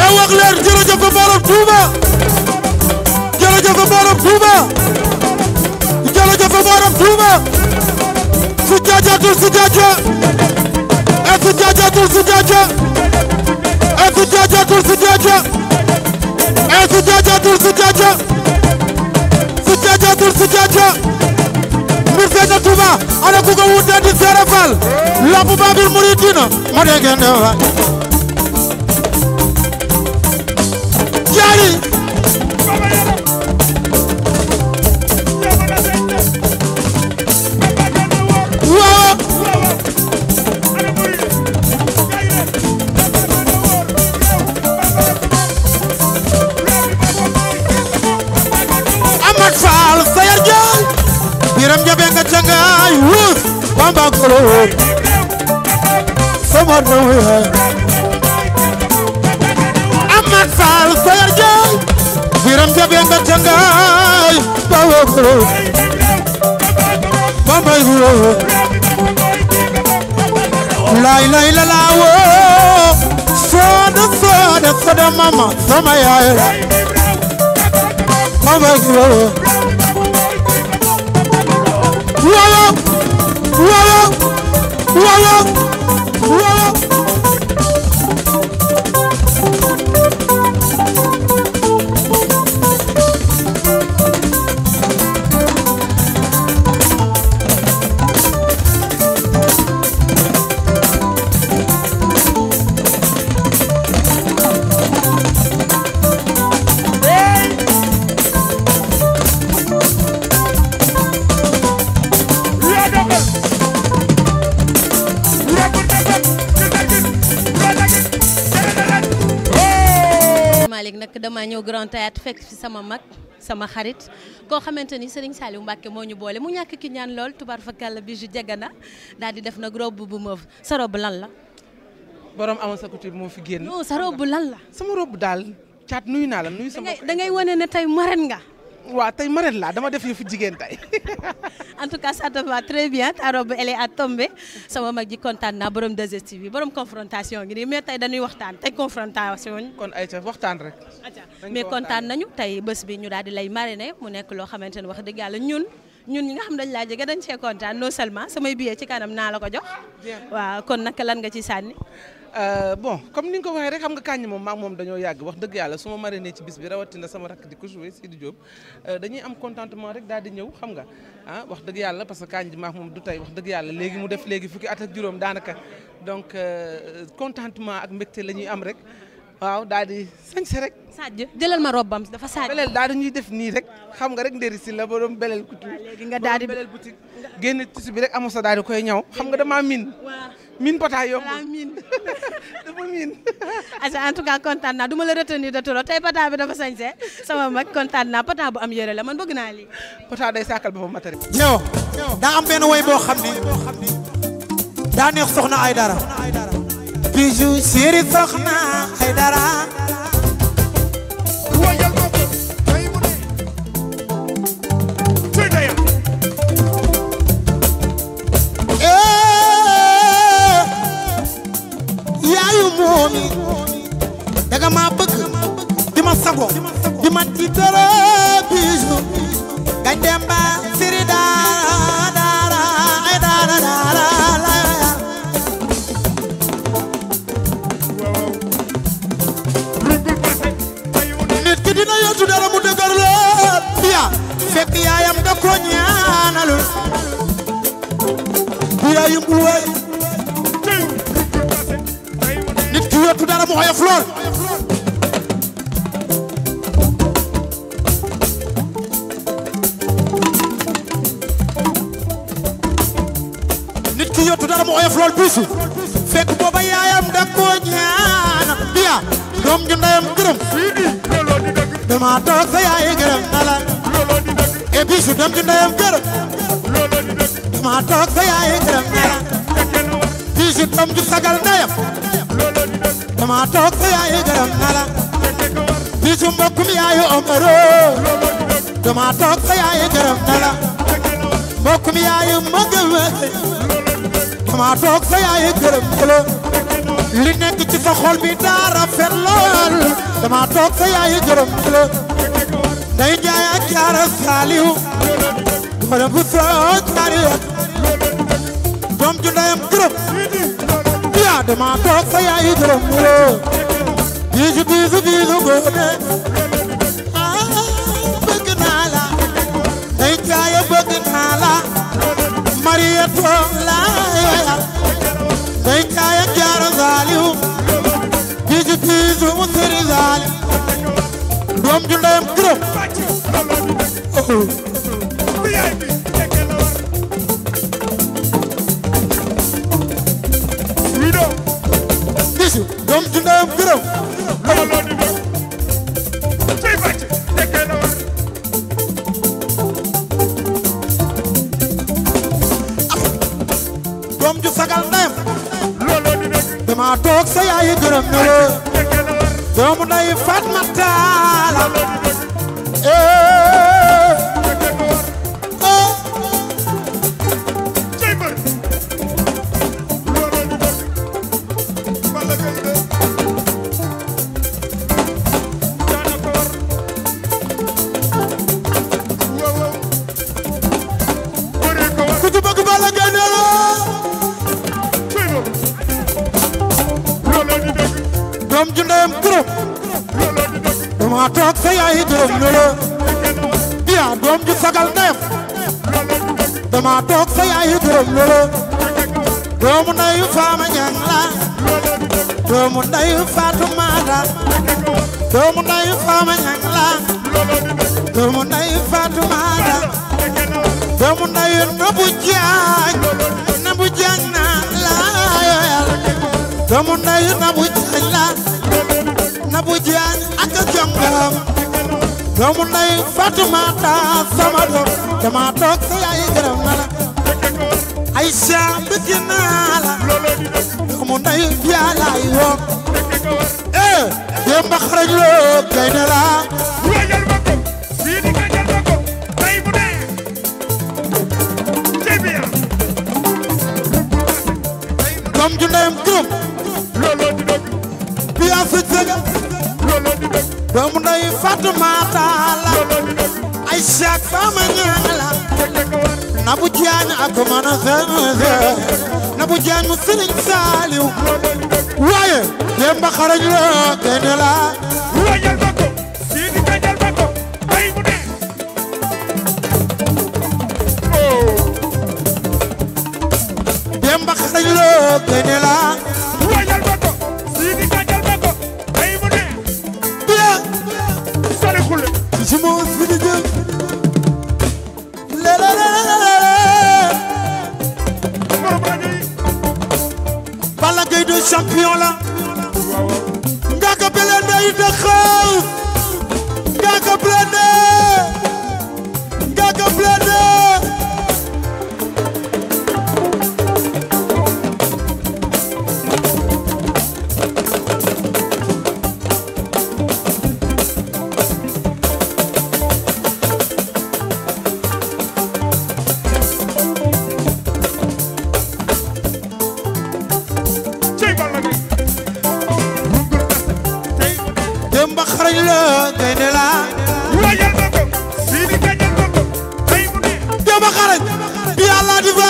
اوغ لير جرجف بارم توبا جرجف بارم توبا جرجف بارم توبا سجاجة سجاجة Efutaja Tulfutaja Efutaja Tulfutaja Efutaja Tulfutaja Futaja Tulfutaja mbir feeñ na ana ku ko wutee di Seere Faal lamb Babir Mouridina ma dégg ne waay jaari bàbá koro sọmọdún yẹ. Amad Fall Koyar Diagne. biram jabe nga cangaay bàbá koro bàbá koro. laay laay la laawoo. sooda sooda sooda mama sama yaay. bàbá koro. waaw. wala wala wala ñëw Grand Théâtre fekk fi sama mag sama xarit koo xamante ni Serigne Saliou Mbacke moo ñu boole mu ñàkk ki ñaan lool tubaar fakalla bi ju jagana daal di def nag robe bu mauve sa robe lan la. borom amoon sa couture moo fi génn. sa robe lan la. sama robe daal caat nuyu naa la nuyu sama. da ngay wane ne tey marraine nga. waaw tey marraine laa dama def yëfu jigéen tey. en tout cas ça te va très bien ta robe elle est à sama mag ji kontaan naa borom 2STV borom confrontation gi nii mais tey dañuy waxtaan tey confrontation. kon ayca waxtaan rek. mais kontaan nañu tey bés bi ñu daal di lay marrainer mu nekk loo xamante ne wax dëgg yàlla ñun. ñun ñi nga xam dañ laa jege dañ cee kontaan non seulement samay billet ci kanam naa la ko jox. waa kon naka lan nga ci sànni. Euh, bon comme ni nga ko waxee rek xam nga kàññi moom maak moom dañoo yàgg wax dëgg yàlla su ma maree ci bis bi rawatina sama rakk di ko joué Sidi Diop euh, dañuy am contentement rek daal di ñëw xam nga ah wax dëgg parce que kàññi maak moom du tey wax dëgg yàlla mu def léegi fukki at ak juróom daanaka donc euh, contentement ak mbégte la ñuy am rek waaw daal di sañse rek. Sadji jëlal ma robbam dafa Sadji. beleel daal di ñuy def nii rek xam nga rek nderi si la borom beleel couture. léegi nga daal di beleel boutique. génn tissu bi rek amosa daal di koy ñaw xam nga damaa miin. miin pota yomb voilà miin. dafa a asa en tout cas kontaan naa du ma la retenir de trop tey pota bi dafa sañse sama mag kontaan na pota bu am yére la man bëgg naa lii. pota day saakal ba fa matari. ñëw da am benn woy boo xam ni daa neex soxna ay dara. bijou chéri soxna ay dara. doomi daga ma bëgg di ma sago di ma di dara bisu gañ dem siri daara daara ay daara daara la nit ki dina yootu dara mu dëgër lool biya fekk yaayam da ko ñaanalul biya yimbul waay nit ki yottu dara mu xoyof lool fekk booba yaayam da ko ñaan doom ju ndeyam gërëm dama toog sa yaay gërëm na la e biisu doom ju ndeyam gërëm dama toog sa yaay doom ju sagal ndeyam ma toog ko yaayu garam naa la bisu mbokkum yaayu Omaro dama toog ko yaayu garam naa la mbokkum yaayu Maguette dama toog ko yaayu garam naa la li nekk ci sa xol bi daa rafet lool dama toog ko yaayu garam naa la day jaay ak jaara Saaliw dama dem bu soog ñaari yoon doom ju ndeyam gërëm dama toog sa yaay gërëm woo biisu biisu biisu góone aa ah, bëgg naa la day jaaya bëgg naa la mariya toog laay wayal day jaaya jaara zaaliw ndeyam gërëm dama doon di bëgg cay bàcc tekkee doom ju sagal ndeyam looloo di toog sa gërëm na la doomu nday Fatma Talla eh. toog fa yaayu turam lolo doomu ndeyu faama ñang la doomu ndeyu faatu maala doomu ndeyu faama ñang la doomu ndeyu faatu maala doomu ndeyu nabu jaañ nabu jaañ na la yooyal doomu ndeyu nabu jaañ la nabu jaañ ak jongam doomu ndeyu faatu maata sama doom dama toog sa yaayu gërëm na la Aïcha bëgg naa la looloo di def nay yàllaay woo eh dem ba xarañ loo gay na la wajal ma ko bii di nga jël ma ko tey bu dee tebiya doom ju ndeyam gërëm looloo di bi Afrique dëgg looloo di dëgg doomu ndey Fatoumata Abu Jaan ak man zenzé na bu jaan mu Sëriñ Saaliw waaye Demba xarañ la kenn la wajal ba ko sidi kajal ba mu ne Demba xarañ la kenn bi Alla Diva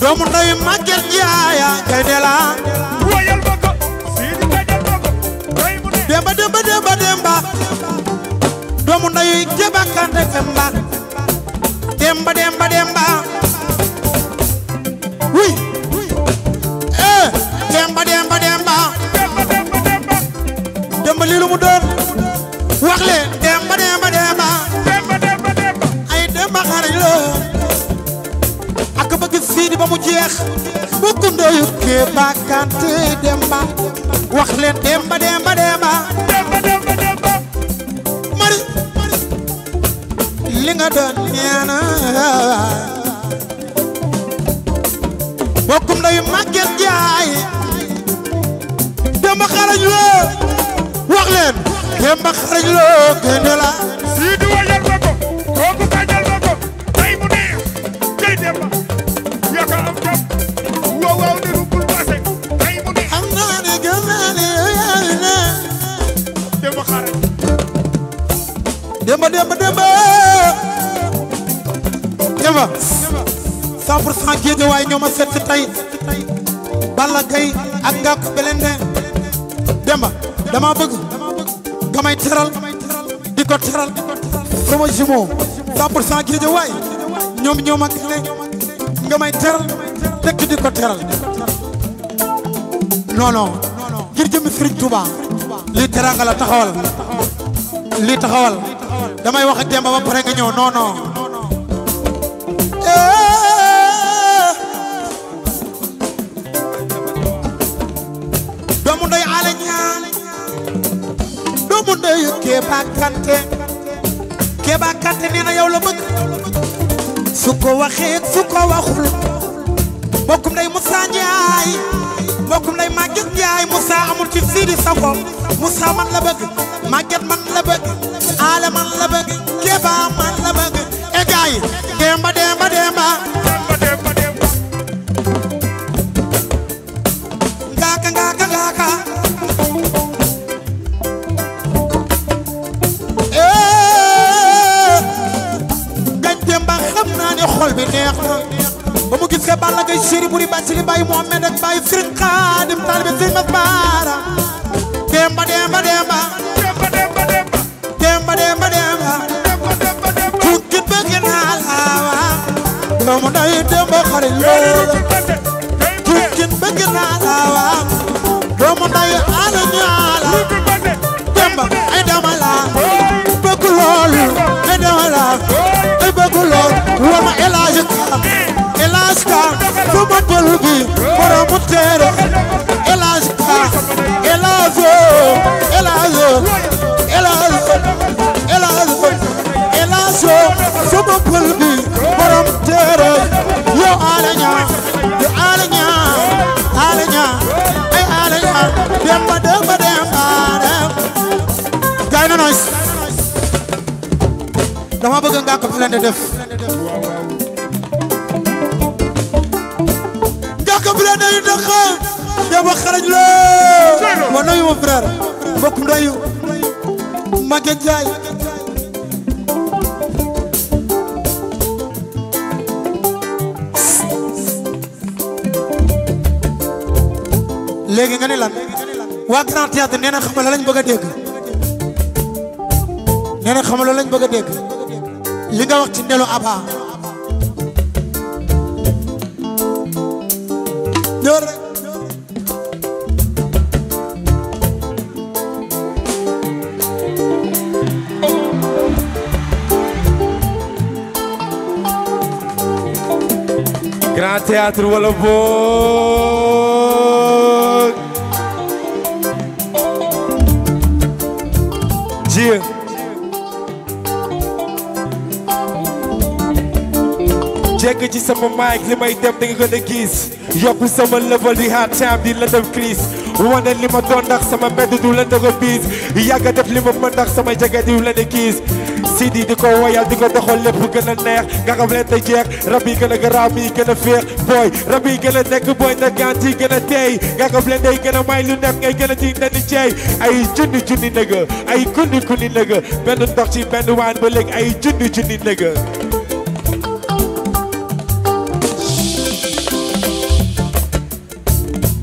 doomu ndeyu Maguette Ndiaye gaynde la woyal ma ko siidi gaynde ma ko demba demba demba demba doomu ndeyu Keba Kande Kemba demba demba wuy eh demba demba demba demba demba demba lii lu mu demba demba demba xarañ loo ak bëgg siidi ba mu jeex bokku ndoyu Keba Kanté Demba wax Demba Demba Demba mari li nga doon ñeena bokkum ndoyu Maguette Ndiaye Demba xarañ loo wax Demba xarañ loo gënde siidi wayal ba ko kooku demba demba demba demba 100 pour cent Guédiawaye ñoo ma seet si tey Balla Gaye ak Ngaaka Blindé demba dama bëgg nga teral di teral sama jumeau 100 pour cent Guédiawaye ñoom ñoo ma gën nga may teral tekki di teral non non ngir jëm Serigne Touba lii teranga la taxawal lii taxawal damay wax ak Demba ba pare nga ñëw non non doomu ndey ale ñaan doomu ndey Keba Kanté Keba Kanté nee na yow la bëgg su ko waxee su ko waxul mbokkum ndey Moussa Ndiaye mbokkum ndey Maguette Ndiaye Moussa amul ci Sidi Sango Moussa man la bëgg Maguette man la bëgg waale man la bëgg Keba man la bëgg e gaay demba demba demba demba demba ngaaka ngaaka ngaaka eh. gañ demba xam naa ne xol bi neex na ba mu gis ka Balla Gaye chéri buri bàccili bàyyi Mohamed ak bàyyi Sëriñ Xaadim taalibe Sëriñ Mas Baara demba demba demba sama day demba xarit lool tukkin bëgg naa la waaw doomu nday ala ñaala demba ay dama la bëgg lool ay dama la ay bëgg lool war ma elage ka elage ka fu ma tollu bi boromu teere elage ka elage elage elage elage elage fu ma tollu bi tere yow Alé Niang yow Alé Niang Alé Niang ay Alé Niang demba demba demba dem gay na nois dama bëgg nga ko fi nga ko fi leen di def la ma nuyu ma frère mbokk ndeyu Maguette Ndiaye léegi nga ne lan waa Grand Théâtre nee na xam la lañ bëgg a dégg nee na xam la lañ li nga wax ci ndelu Abba Grand Théâtre wala boo dia. jekk ci sama mic li may dem da nga a gis yokk sama level di hard time di lëndëm crise wane li ma doon sama mbedd du lëndëm biis yàgg def li ma mën ndax sama jege di lëndëm kiis Sidi di ko woyal di ko doxal lépp gën a neex nga xam leen te jeex rab yi gën a garaaw mi gën a féex booy rab yi gën a nekk booy na gant yi gën a teey nga xam leen day gën a may lu nekk ngay gën a ci dani ceey ay junni junni nëga ba léegi ay junni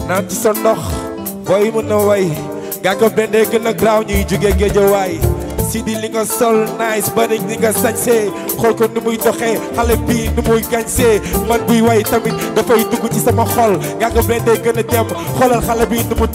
naan ci sa ndox booy mën na way nga xam leen day gën a garaaw ñuy jugee géejawaay Sidi li a sol nice ba nit ñi nga sañsee xool ko nu muy doxee xale bi nu muy gañsee man buy way tamit dafay dugg ci sama xol Ngaaka Blindé gën a dem xoolal xale bi nu mu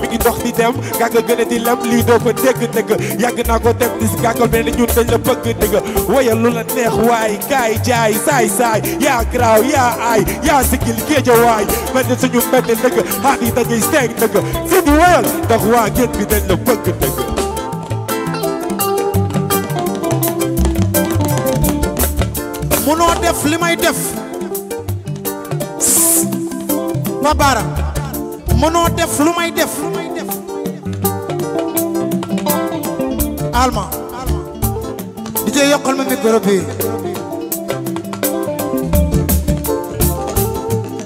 mi ngi dox di dem Ngaaka gën a di lem lii doo ko dégg dëgg ko dem di si Ngaaka Blindé ñun dañ la bëgg dëgg wayal lu la neex waay kaay jaay saay saay yaa graaw yaa aay yaa a géeja waay mel ni suñu a ni dëgg xaat yi dañuy seeg dëgg Sidi wayal ndax waa génn bi dañ la bëgg dëgg def li may def Pa Bara def lu may def alma di jee yokkal ma micro bi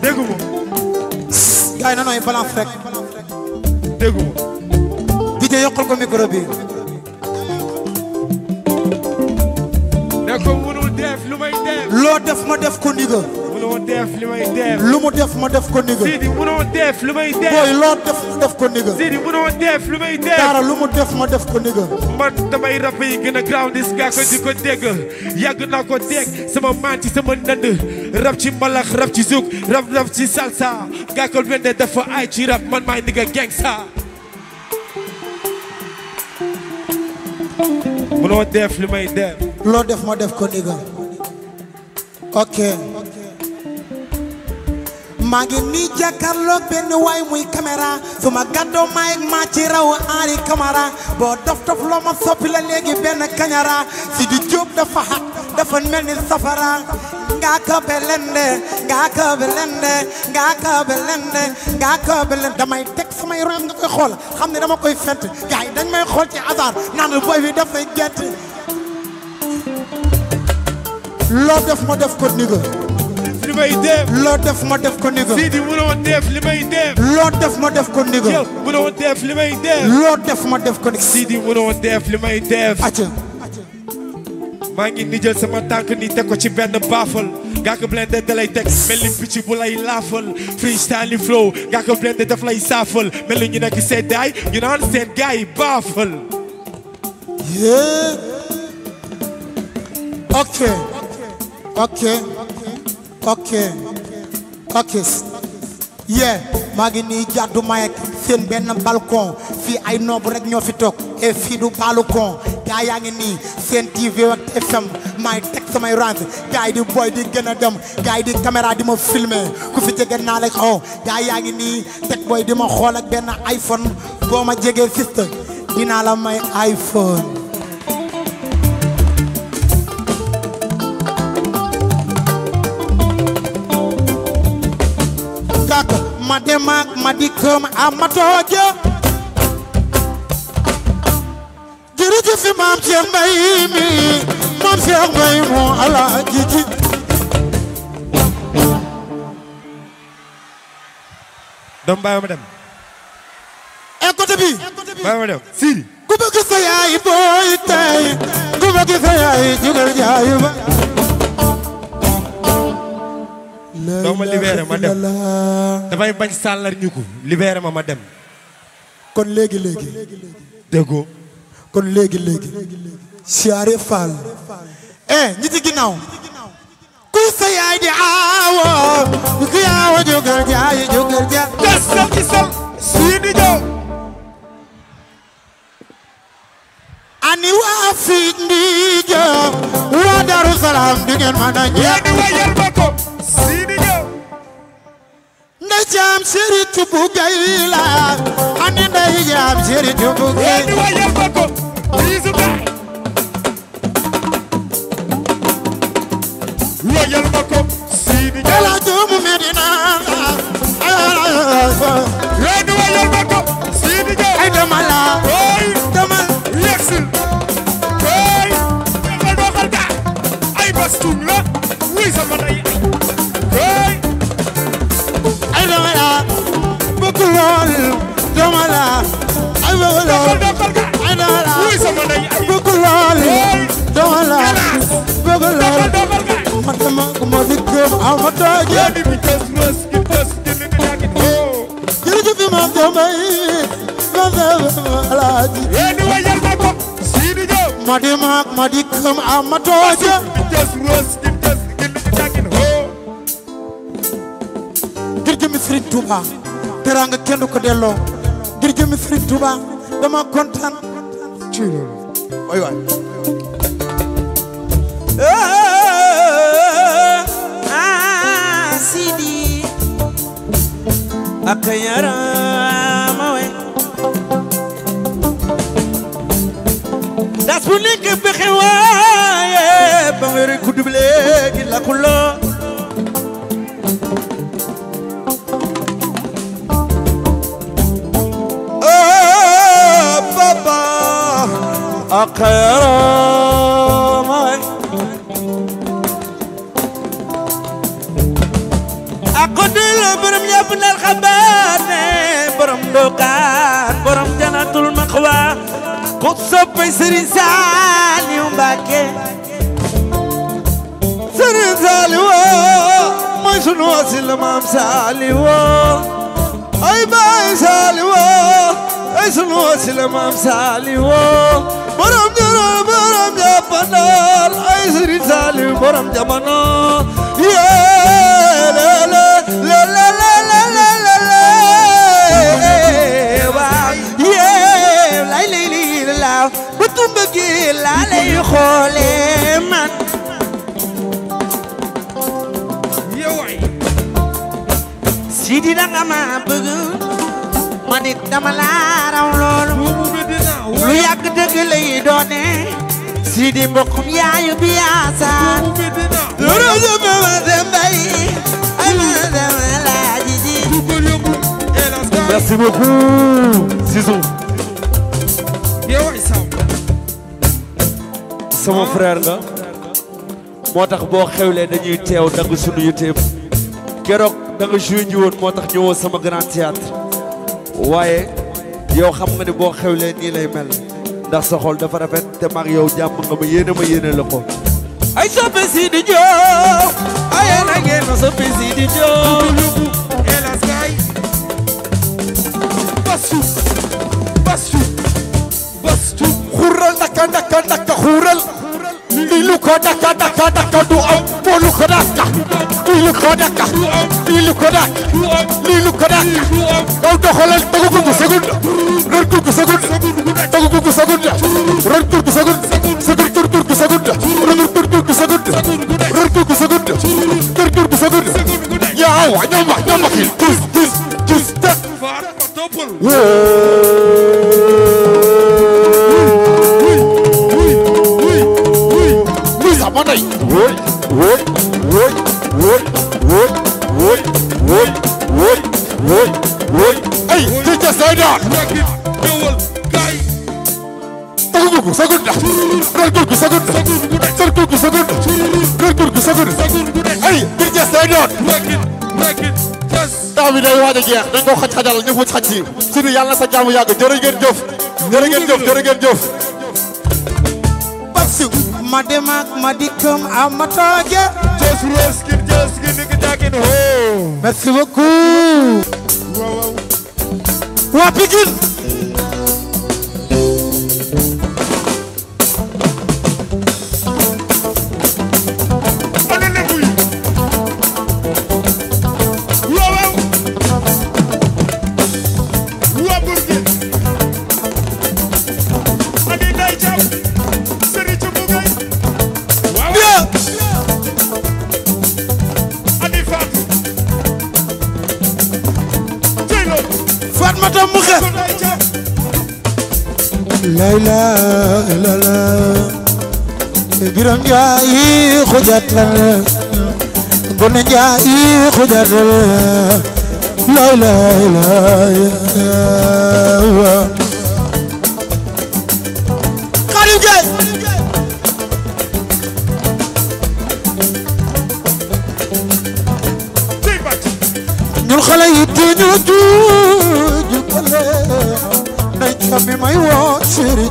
dégguma gaay di jee yokkal ko micro def ma def ko ndiga. munoo def li may def. lu mu def ma def ko ndiga. Sidi munoo def li may def. booy loo def ma def ko ndiga. Sidi munoo def li may def. dara lu mu def ma def ko ndiga. man damay rap yi gën a gaaw dis nga ko di ko dégg yàgg naa ko dégg sama maan ci sama ndënd rap ci mbalax rap ci zouk rap rap ci salsa gàkkal benn dafa ay ci rap man maay ndiga gangsta. munoo def li may def. loo def ma def ko ndiga. ok maa ngi nii jàkkaarloog benn waay muy caméra su ma gàddoo maay maa ci raw Henri Camara boo dof dof loo ma soppi la léegi benn kañara si di jóob dafa xat dafa mel ni safara ngaa ko belende ngaa ko belende ngaa ko belende ngaa ko belende damay teg samay royam nga koy xool xam ne dama koy fent gars yi dañ may xool ci hasard naan booy bi dafay gett loo def ma def ko ni nga. li may def. loo def ma def ko ni nga. Sidi mënoo def li may def. loo def ma def ko ni nga. yow mënoo def li may def. loo def ma def ko ni nga. Sidi mënoo def li may def. acca. maa ngi ni jël sama tànk ni teg ko ci benn baafal Ngaaka Blindé da lay teg mel ni picc bu lay laafal freestyle flow Ngaaka Blindé daf lay saafal mel ni ñu nekk seddaay ñu naan seen gaay yi baafal. ok. okay okay okay yeah maa ngi nii jàddu mayek seen benn balcon fii ay noob rek ñoo fi toog et fii du balcon gaa yaa ngi nii seen TV ak FM maay teg samay rang gaa yi di boy di gën a dem gaa yi di caméra di ma filmer ku fi jege naa la xaw oh. gaa yaa ngi nii teg boy di ma xool ak benn iPhone boo ma jegee siste dinaa la may iPhone dàq ma dem ak ma dikk ma amatoo ji doom bàyyi eh, bi doo ma libéré ma dem dafay bañ sàllar ñu ko ma ma dem. kon léegi léegi. déggoo. kon léegi léegi. siyaare Fall. eh ñi ci ginnaaw. ku sa yaay di aawoo. ku sa yaawoo jógal jaay jógal jaay. gasal ci sam. suy di jow. waa fii di waa Darou Salaam di ngeen mën a ñëw. yéen a Sidi Diop ndey jaam seri cubu gay la ani ndey jaam seri cubu gay di wayal ma ko bisu ba wayal ma ko Sidi Diop la doomu Medina di wayal ma ko Sidi Diop ay dama la ay dama yexil ay dama doxal ay bastum la lool jomala ay bëgg lool ay dara bëgg lool jomala bëgg lool man dama ko ma di gëm aw ma tooje jërëjëf imam jomay ma dama alaaji ma di maak ma di gëm aw ma tooje ngir jëmi Sëriñ teraanga kenn du delloo ngir jëmi Serigne dama kontaan ci loolu waay waay sidi ak yarama we das bu nekk bexe waaye ba wér ku dub léegi la ku أقرامك أقول برم يا ابن الخبان برم دوقان برم جنة المقوى قدس بسر سالي ومباكي سر سالي و مجن وصل مام سالي و أي باي سالي و اسم وصل مام سالي و borom jara borom jàppandal ay sëriñ Saaliw borom jamono Sidi da nga ma bëgg ma nit dama la raw loolu lu yàgg dëgg lay doone Sidi mbokkum yaayu bi yaasaan ruusu ma ma sembay ay ma sama laaji ji merci beaucoup Zizou sama ah. frère nga moo tax boo xewlee dañuy teew dagg sunuyu teew keroog da nga joué ji woon moo tax ñëwoo sama grand théâtre waaye yow xam nga ne boo xewlee nii lay mel ndax sa xol dafa rafet te mag yow jàmm nga ma yéene ma yéene la ko ay soppe si di joo ay na ngeen ma elas kay basu basu basu xuural ndaka ndaka ndaka xuural li lu ko dakka dakka dakka du am moo lu ko dakka li lu ko dakka li lu ko dakka li lu ko dakka daw doxalal tagu gugu segund rër gugu segund tagu gugu segund rër gugu segund segur tur tur gu segund rër tur tur gu segund rër gugu segund tur tur gu segund yaaw ñama ñama ki tus tus tus ta far ko topul wóoy wóoy wóoy ay ci ca sayda ñewal kay tagugu sagunda gargurgu sagunda sargurgu sagunda gargurgu sagunda ay ci ca sayda nakit nakit taa bi a jeex dañ ko xaj xajal ñu fuj xaj si sunu yàlla sa jaamu yàgg jërë ngeen jëf jërë ngeen jëf jërë ngeen jëf parce ma dem ak ma dikkam amata je jees roos ki jees ki ni ki jaakin merci beaucoup. waaw waaw. waa Pikine. njaay xujaat la gone la lay lay Xaadim Njaay ñun xale yi duñu duñu kale nañ ka bi may woo siri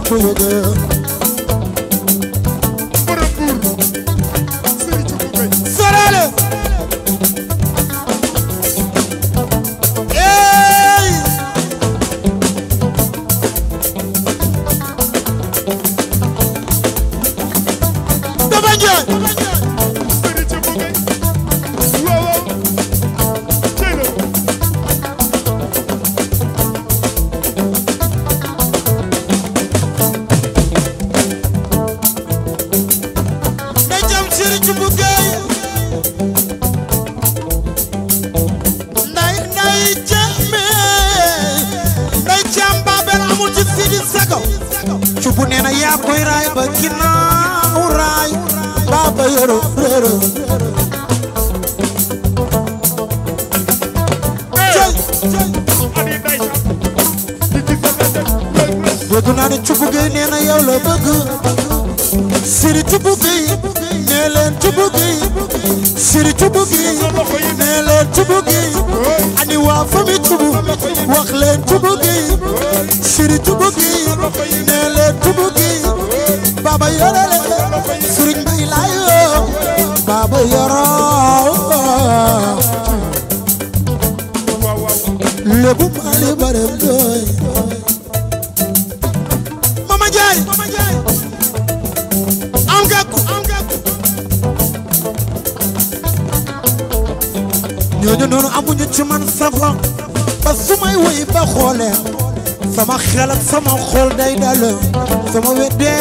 cubu nee na yaa koy raay ba ginnaaw raay baaba yoro réero dégg naa ne cubu gay nee na yow la bëgg Sëriñ Tuubaa gi nee leen Tuubaa gi Sëriñ Tuubaa gi nee leen Tuubaa gi ani waa famille Tuubaa wax leen Tuubaa gi Sëriñ Tuubaa gi nee leen Tuubaa gi baba yore leen Sëriñ Mbay Laay baba yoro lebu maali bare doy te noonu amuñu ci man safa ba su may ba xoolee sama xel ak xool day dal sama weddee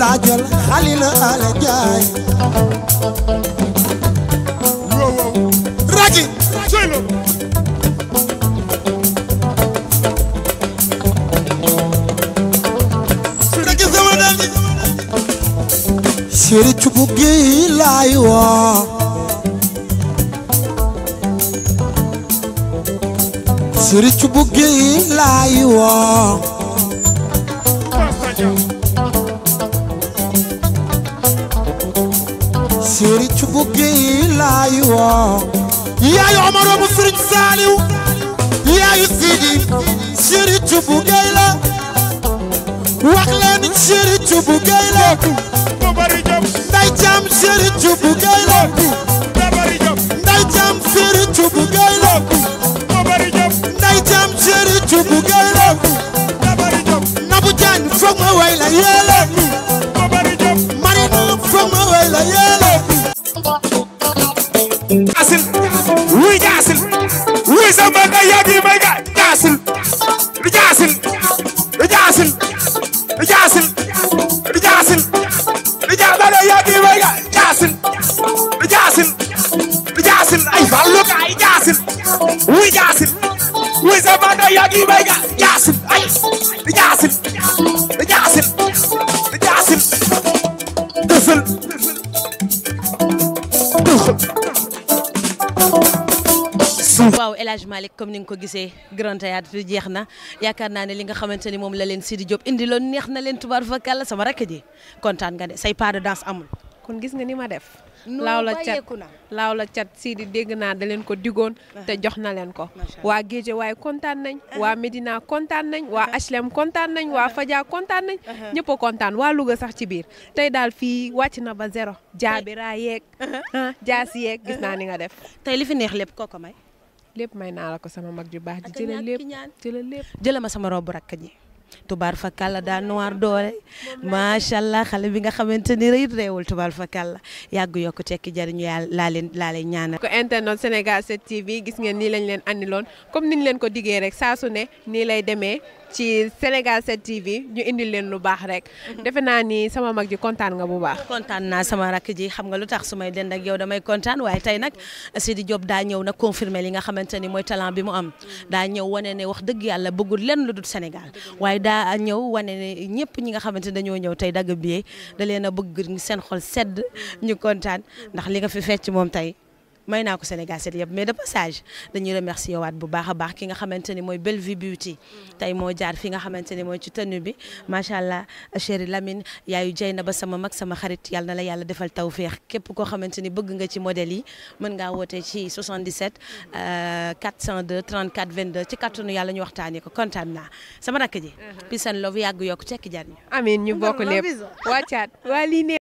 laajal Xalil Ala Jaay raji ceri cubu gi laay waa su riccu buggi laay woo su riccu buggi laay woo yaayu Omaro bu Sëriñ Saaliw yaayu Sidi su riccu buggi la wax leen su riccu buggi la nday jaam su riccu buggi la bëgg a yàgg Malick comme ni nga ko gisee Grand Théâtre bi jeex na yaakaar naa ne li nga xamante ni moom la leen Sidi Diop indi loon neex na leen tubaar fakalla sama rekk ji kontaan nga de say pas de amul. kon gis nga ni ma def. laaw la cat laaw la cat Sidi dégg naa da leen ko digoon. Ah. te jox na leen ko. waa Géeje ah. waaye kontaan nañ. waa ah. Medina kontaan nañ. waa HLM kontaan nañ. waa Fadia kontaan nañ. ñëpp kontaan waa Louga sax ci biir. tey daal fii wàcc na ba zéro. jaabira yeeg. jaas yeeg gis naa ni nga def. tey li fi neex lépp kooku may. lépp may naa la ko sama mag ju baax ji ci la lépp ci la lépp jëla ma sama robu rakk ji tubaar fa kàlla daa noir doole macha allah xale bi nga xamante ni rëy réewul tubaar fa kàlla yàgg yokk tekki jariñu yàlla laa leen laa leen ñaanal. ko internet Sénégal 7 TV gis ngeen nii lañ leen andiloon comme niñ leen ko diggee rek saa su ne nii lay demee. ci Sénégal 7 TV ñu indi leen lu baax rek. Mhm. defe naa ni sama mag ji kontaan nga bu baax. kontaan naa sama rakk ji xam nga lu tax su may dend ak yow damay kontaan waaye tey nag Sidi Diop daa ñëw nag confirmer li nga xamante ni mooy talent bi mu am mhm. daa ñëw wane ne wax dëgg yàlla bëggul lenn lu dul Sénégal waaye daa ñëw wane ne ñëpp ñi nga xamante dañoo ñëw tey dagg bi da leen a bëgg seen xol sedd ñu kontaan ndax li nga fi fecc moom tey. may naa ko Sénégal set yëpp mais de passage dañuy remercier waat bu baax a baax ki nga xamante mooy Belle Vie Beauty mm-hmm. tey moo jaar fi nga xamante ni mooy ci tenue bi macha allah chéri Lamine yaayu jay na ba sama mag sama xarit yàlla na la yàlla defal tawféex képp koo xamante ni bëgg nga ci modèle yi mën ngaa woote ci 77 402 34 22 ci kàttanu yàlla ñu waxtaanee ko kontaan naa sama rakk ji. Mm-hmm. Peace and love yàgg yokk tekki jar ñu. amiin ñu bokk lépp